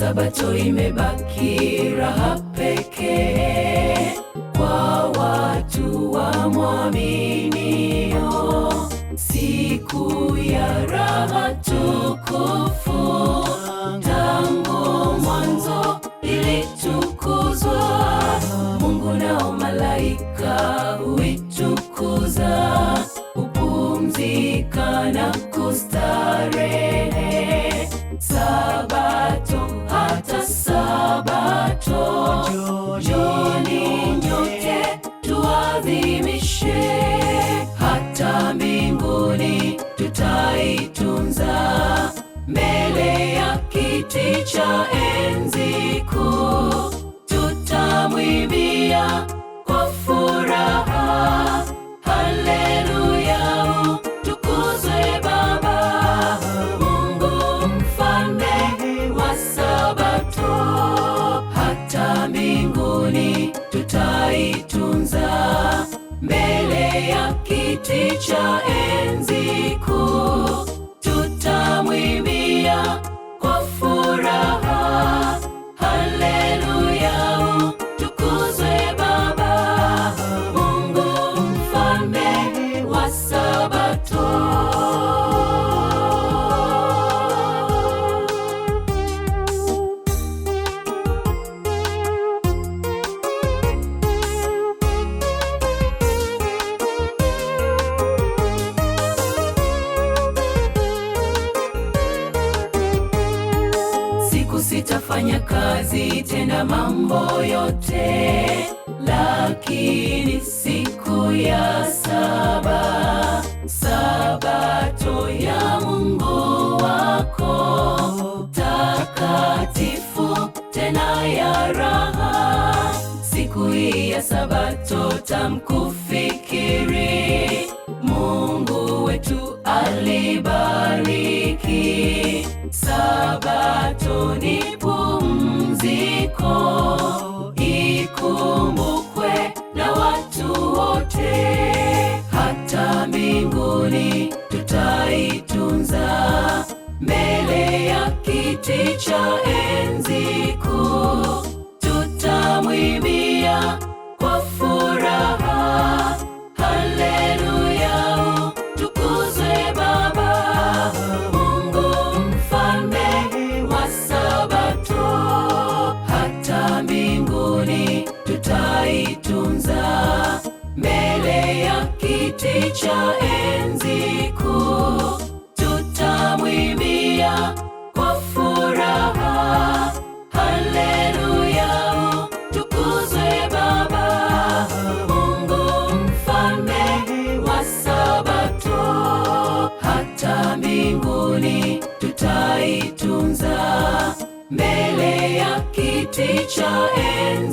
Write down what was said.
Sabato imebaki raha pekee kwa watu wa mwaminio siku ya raha tukufu. Tangu mwanzo ilitukuzwa, Mungu na malaika huitukuza, hupumzika na kustarehe Kiti cha enzi kuu tutamwimbia kwa furaha, haleluya, utukuzwe Baba Mungu, mfalme wa Sabato. Hata mbinguni tutaitunza mbele ya kiti cha enzi fanya kazi, tenda mambo yote, lakini siku ya saba, sabato ya Mungu wako takatifu, tena ya raha. Siku hii ya sabato tamkufikiri Kiti cha enzi kuu tutamwimbia kwa furaha, haleluya, tukuzwe Baba Mungu, mfalme wa Sabato. Hata mbinguni tutaitunza mbele ya kiti cha Teacher, cha